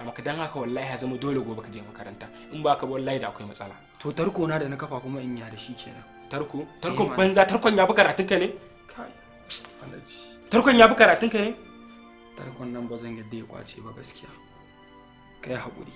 faɗa maka dan haka wallahi ya zama dole gobe ka je makaranta in ba ka wallahi da akwai matsala to tarko na da na kafa kuma in ya da shi kenan tarko eh, tarkon banza tarkon ya fi karatun ka ne Tarko tarkon ya fi karatun ka ne tarkon nan ba zan yadda ya kwace ba gaskiya kai haƙuri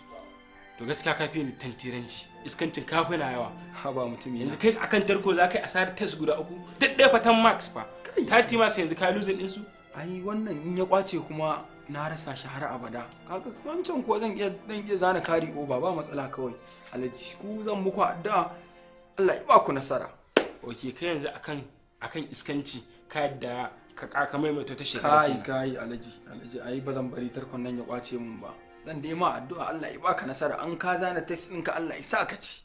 to gaskiya ka fi ni tantiranci iskancin kafi na yawa ha ba mutum yanzu kai akan tarko za ka yi asarar test guda uku daɗaya fatan max fa 30 max yanzu ka din su ai wannan in ya kwace kuma na rasa shi har abada kaga wancan ko zan iya zan iya zana kari ko ba matsala kawai alhaji ku zan muku addu'a Allah ya ba ku nasara oke kai yanzu akan akan iskanci ka yadda ka kaka maimaita ta shekara kai kai alhaji alhaji ai ba zan bari tarkon nan ya kwace mun ba zan dai ma addu'a Allah ya baka nasara an ka zana text ɗinka Allah ya sa ka ci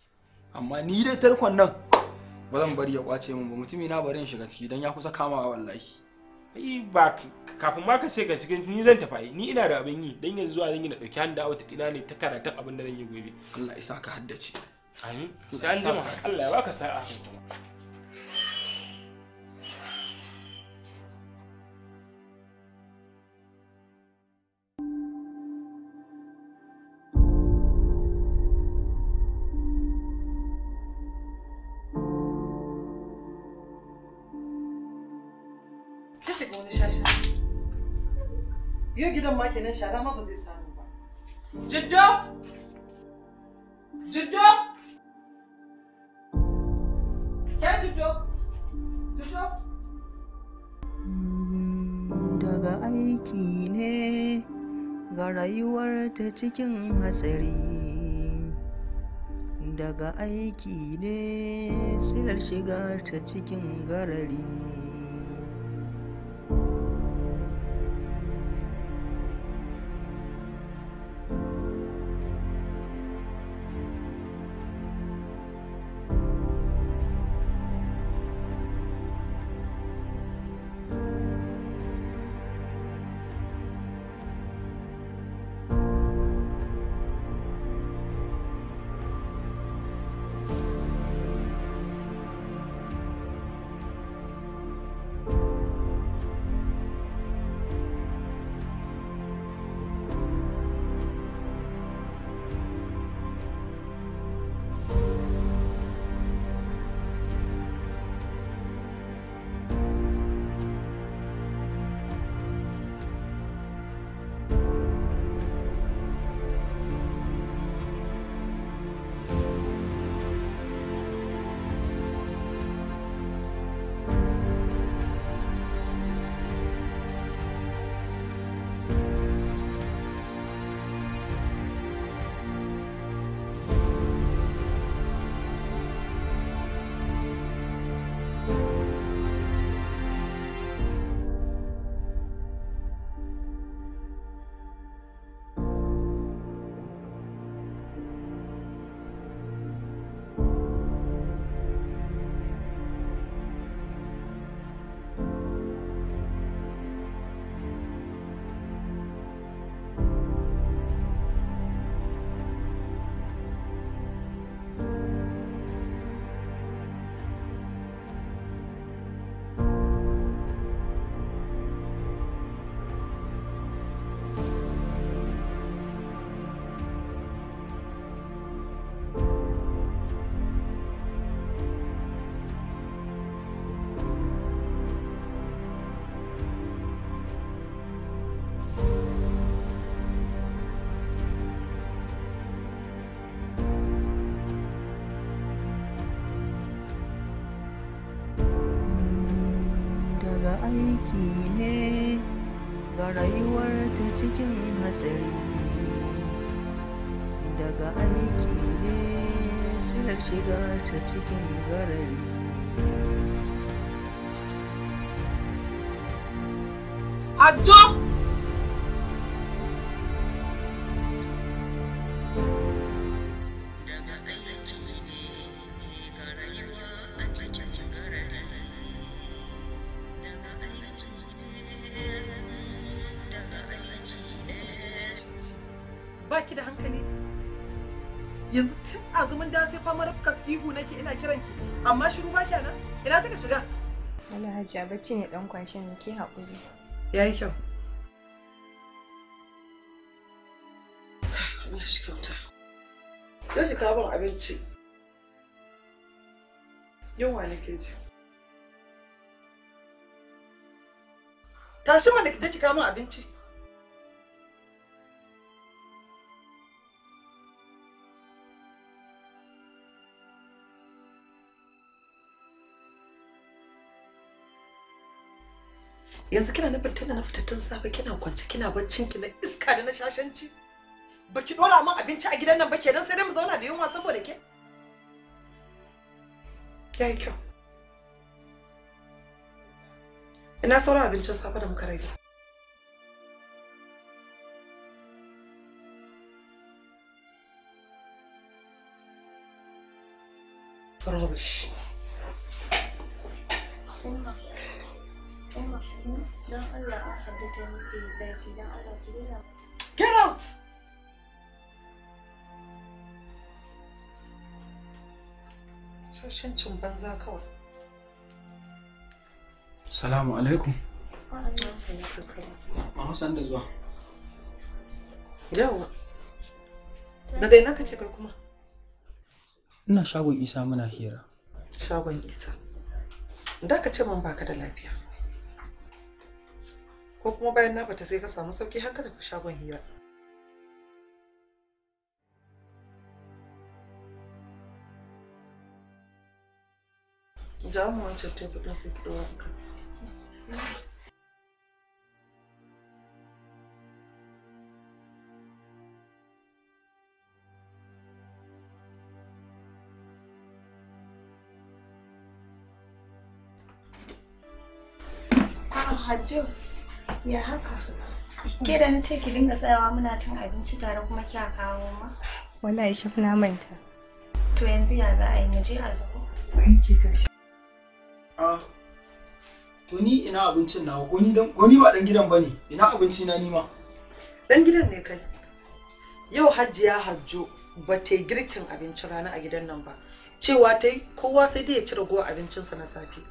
amma ni dai tarkon nan ba zan bari ya kwace mun ba mutumi na bari in shiga ciki dan ya kusa kamawa wallahi ai ba kafin ma ka ce ga cikin ni zan tafi ni ina da abin yi dan yanzu zan yi na dauki handa wata ina ne ta karatun abin da zan yi gobe Allah ya saka haddace amin sai an jima Allah ya baka sa'a gidan ma kenan shara ma ba zai samu ba. Jiddo! Jiddo! Ke Jiddo! Jiddo! Daga aiki ne ga rayuwar ta cikin hatsari. Daga aiki ne silar shigar ta cikin garari. aiki ne ga rayuwar ta cikin hatsari daga aiki ne silar shiga ta cikin garari Ajo! baki da hankali yanzu tun azumin da sai fama rafka ihu nake ina kiran ki amma shiru baki nan ina taka shiga alhaji bacci ne dan kwashe ne ke haƙuri yayi kyau Allah shi kauta yau shi kawo abinci yunwa nake ji tashi mana ki je ki kawo abinci yanzu kina nufin tunda na fitattun tun safe kina kwance kina baccin ki na iska da na shashanci baki dora min abinci a gidan nan ba kenan sai dai mu zauna da yunwa saboda ke yayi kyau ina sauran abincin safe da muka rage Rubbish. Don Allah Get out! Shashancin banza kawai. Salamu alaikum. Ma Hassan da zuwa. Yawa. Daga ina kake kai kuma? Ina shagon Isa muna hira. Shagon Isa. Da ka ce man baka da lafiya. ko kuma bayan na fita sai ka samu sauki har ka tafi shagon hira jamu wancan tebur ɗin sai ki ɗora ka Hajjo. Ya haka? Ke da na ce ki dinga tsayawa muna cin abinci tare kuma kya kawo ma? Wallahi shaf na manta. To yanzu ya za a yi mu je a zubo? Wai ki tashi. Ah. To ni ina abincin nawa? Ko ni dan ko ni ba dan gidan bane. Ina abinci na nima. Dan gidan ne kai. Yau Hajji ya Hajjo ba ta yi girkin abincin rana a gidan nan ba. Cewa ta yi kowa sai dai ya ci ragowar abincinsa na safe.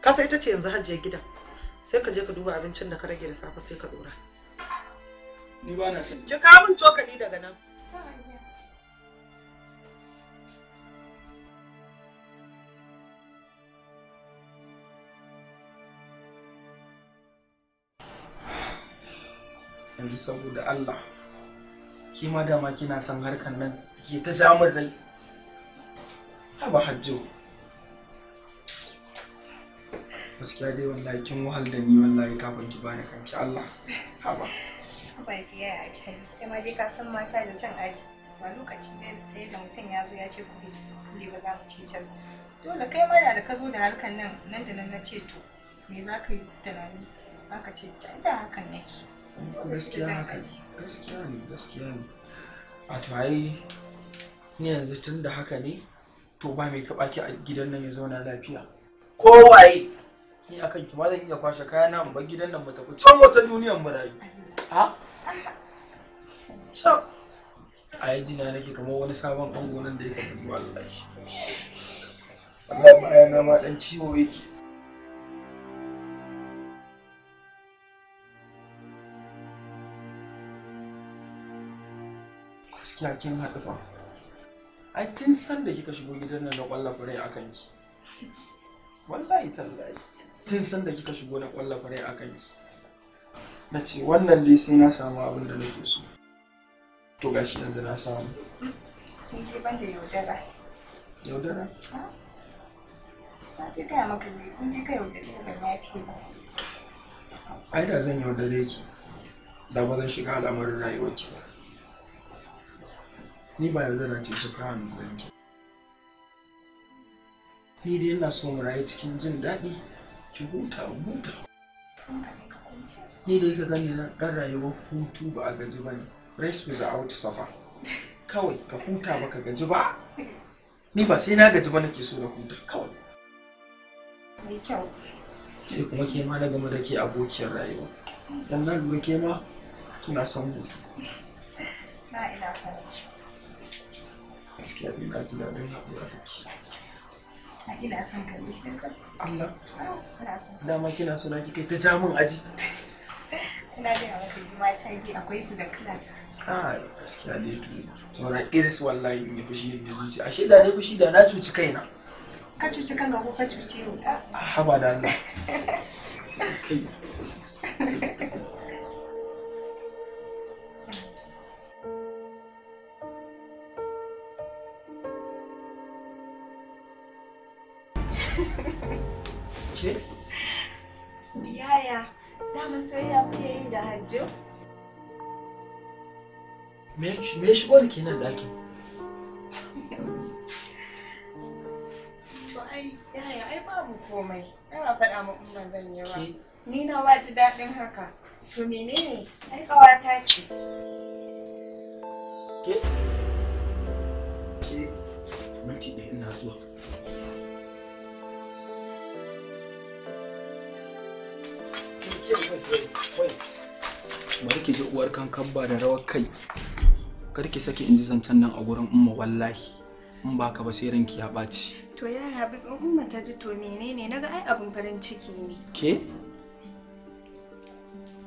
Kasa ita ce yanzu Hajji ya gidan. sai ka je ka duba abincin da ka rage da safe sai ka dora ni ba na cin ki kawo min cokali daga nan yanzu saboda Allah kima dama kina son harkan nan ke ta jamar rai haba hajjo gaskiya dai wallahi kin wahal da ni wallahi kafin ki bani kanki Allah haba haba ya ya kai kai ma dai ka san mata da cin aji ba lokaci ɗaya da mutum ya zo ya ce ku ci kulle ba za mu ci ce dole kai ma da ka zo da harkan nan nan da nan na ce to me za ka yi ba aka ce can da hakan nake gaskiya haka gaskiya ne gaskiya ne a to ai ni yanzu tun da haka ne to ba mai taɓa ki a gidan nan ya zauna lafiya kowaye ni akan ki ma zan iya kwashe kayana nan bar gidan nan mu tafi can wata duniyar mu rayu ha can a yi jina nake kamar wani sabon ango nan da yake gudu wallahi wallahi bayana ma dan ciwo yake gaskiya kin haɗu ba ai kin san da kika shigo gidan nan na ƙwallon fure akan ki wallahi tallahi tun san da kika shigo na kwallo kwarai a kai na ce wannan dai sai na samu abin da nake so to gashi yanzu na samu ni ban da yaudara yaudara ba ta gaya maka ne kun je ka yaudare da ba. ai da zan yaudare ki da ba zan shiga al'amarin rayuwarki ba ni ba yaudara ce ta kawo ni ki ni dai ina so mu rayu cikin jin daɗi ki huta huta ni da ka gani na dan rayuwar hutu ba a gaji ba ne rest without suffer kawai ka huta ba ka gaji ba ni ba sai na gaji ba nake so na huta kawai mai kyau sai kuma ke ma na game da ke abokiyar rayuwa dan na lura ke ma kina son hutu na ina son gaskiya ina ji daɗin haɗuwa da ke Ina son ka ne shi Allah. Ah, Dama kina so na kike ta ja min aji. Ina ga maka ta bi akwai su da class. Kai gaskiya ne to. Saboda iris wallahi in yi fushi ne zuci. Ashe da ne fushi da na cuci kaina. Ka cuci kanka ko ka cuci ni? Ah. Haba da Allah. Kai. ce? Yaya, daman da hajjo? Me shigo ke nan ɗakin? yaya, ai babu komai. Ai faɗa zan yi haka. To menene? Ai ƙawata ce. ki ji uwar kankan ba da rawar kai karki saki inji ji zancen nan a gurin umma wallahi in ba ka ba sai ranki ya ɓaci to ya habi umma ta ji to menene naga ai abin farin ciki ne ke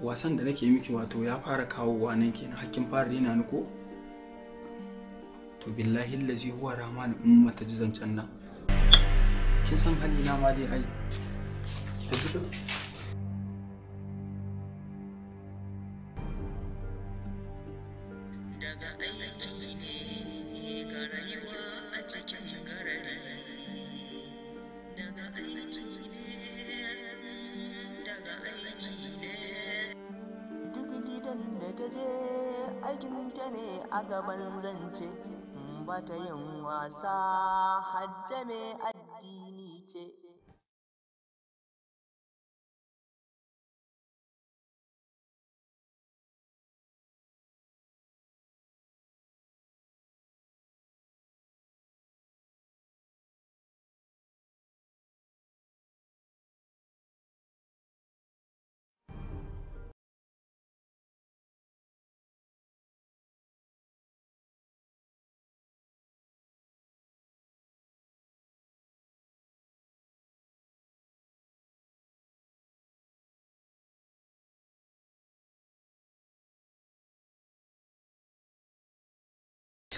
wasan da nake miki wato ya fara kawo wa nan kenan hakkin fara rena ni ko to billahi lazi huwa rahman umma ta ji zancen nan kin san halina ma dai ai ta ji Jenny.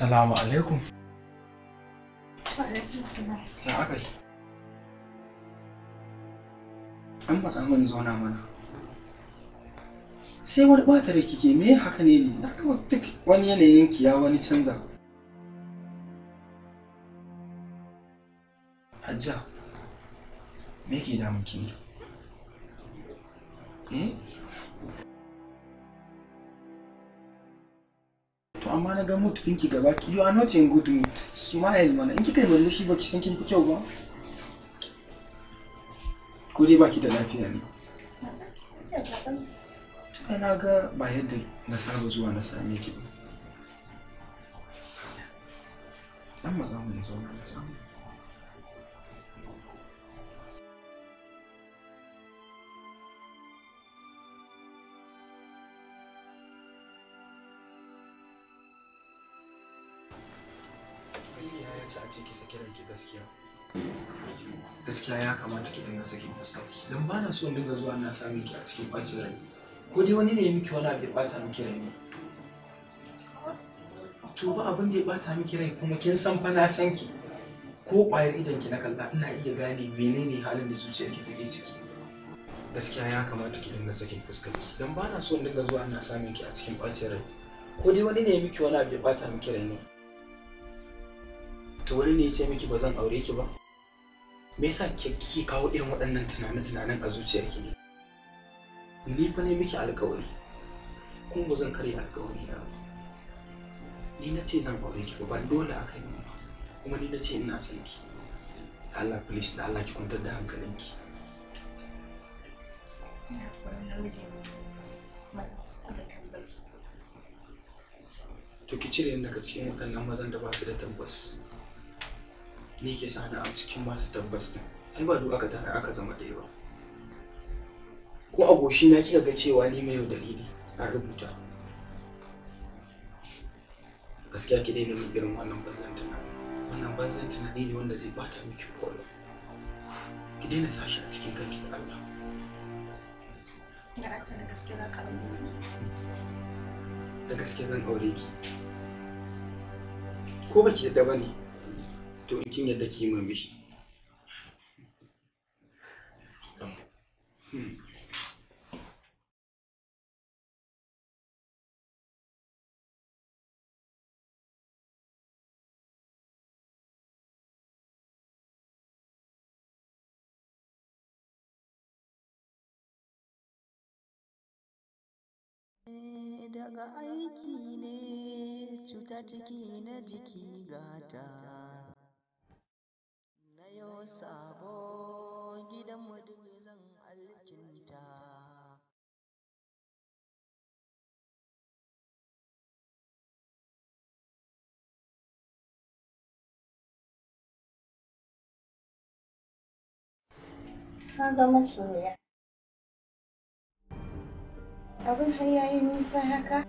Salamu alaikum. Wa alaikum salam. Ya akai. An matsa min zauna mana. Sai wani bata da kike me haka ne ne, na kawai duk wani yanayin ki ya wani canza. Hajja, me ke damun ki ne? Eh? to amma na ga mood ɗinki gaba ki you are not in good mood smile mana in kika yi murmushi ba ki san kin fi kyau ba ko dai baki da lafiya ne tuka na ga ba yadda na saba zuwa na same ki ba dan maza mu ne zauna na samu saki gaskiya gaskiya ya kamata ki dinga sakin fuskarki. ki dan ba na so in dinga zuwa na samu ki a cikin kwacin rai ko dai wani ne ya miki wani abu ya bata miki rai ne to ba abin da ya bata miki rai kuma kin san fa na san ki ko ƙwayar idan ki na kalla ina iya gane menene halin da zuciyar ki take ciki gaskiya ya kamata ki dinga sakin fuskarki. ki dan ba na so in dinga zuwa na samu ki a cikin kwacin rai ko dai wani ne ya miki wani abu ya bata miki rai ne to wani ne ya ce miki ba zan aure ki ba me yasa ki kawo irin waɗannan tunane-tunanen a zuciyarki ne ni fa ne miki alkawari kuma ba zan karya alkawari na ba ni na ce zan aure ki ba dole a kai ba kuma ni na ce ina son ki Allah please da Allah ki kwantar da hankalinki ina tsoron namiji ne to ki cire ni daga cikin waɗannan mazan da ba su da tabbas ni ke sana a cikin masu tabbas ɗin ai ba duka aka tare aka zama ɗaya ba ko aboshi na kika ga cewa ni mai yaudari ne a rubuta gaskiya ki daina min irin wannan banzan tunani wannan banzan tunani ne wanda zai bata miki kwallo ki daina sashi a cikin kanki da Allah da gaske da zan aure ki ko baki da bane to in kin yadda ki man bishi daga aiki ne cuta ciki na jiki gata yau sabo gidanmu duk zan alkinta. Ka ga masoya. Abin har yayi nisa haka?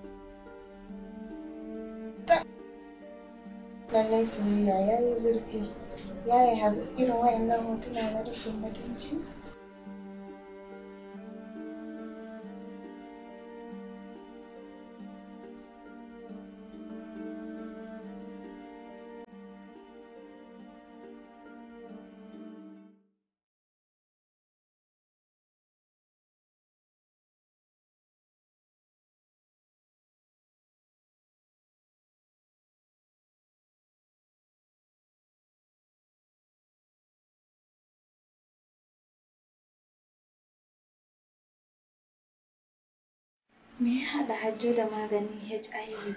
Lallai soyayya yayi zurfi. ya yi irin wayannan hotuna na rashin mutunci Me ya haɗa hajjo da maganin HIV?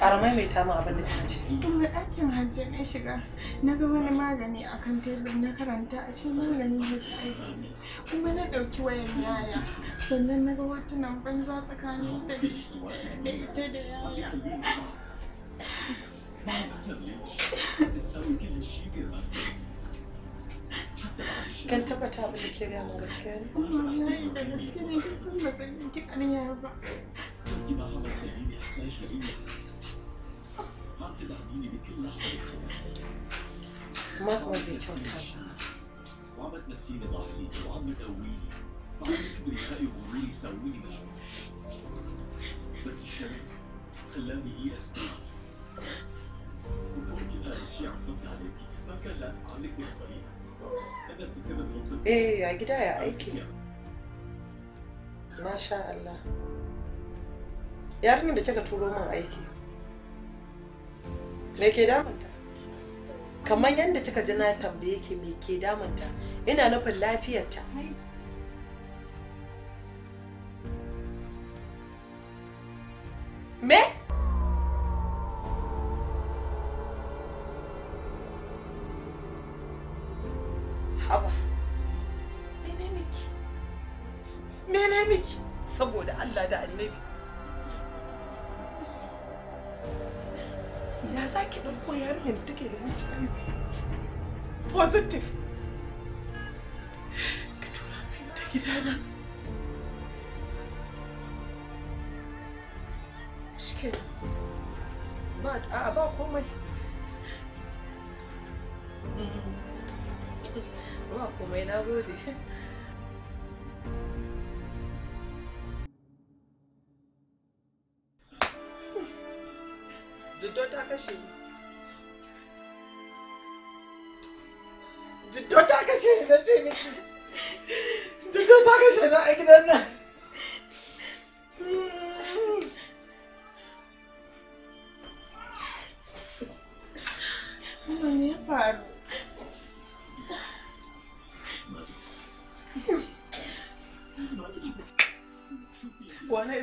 karamai mai tama abin da ta ce. Inda ɗakin hajji na shiga na ga wani magani a kan tebur na karanta a shi maganin HIV ne kuma na ɗauki wayan yaya sannan na ga wata nan banza tsakanin da shi da ita da yaya. Kan tabbata abin da ke gaya min gaskiya ne? Wallahi da gaskiya ne kin san ba zan yi kikan ba. ما هون بيتوتر وعم تنسيني ضعفي وعم تقويني وعم كبريائي غروري يساويني مجنون بس الشرك خلاني هي يأست وفوق كل هذا الشيء عصبت عليك ما كان لازم أعملك بهالطريقة أنا ارتكبت غلطة إيه يا جداية أيكي ما شاء الله يا رمي da kika turo min me ke damunta kamar yadda kika ji na tambaye ki me ke damunta ina nufin lafiyarta me haba miki saboda allah da annabi ya za ki ɗauko yarinyar da take da HIV positive ka tura min ta gidana shike ba a ba komai mm-hmm. ba komai na gode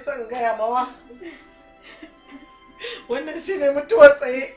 son gaya mawa wannan shine mutuwar tsaye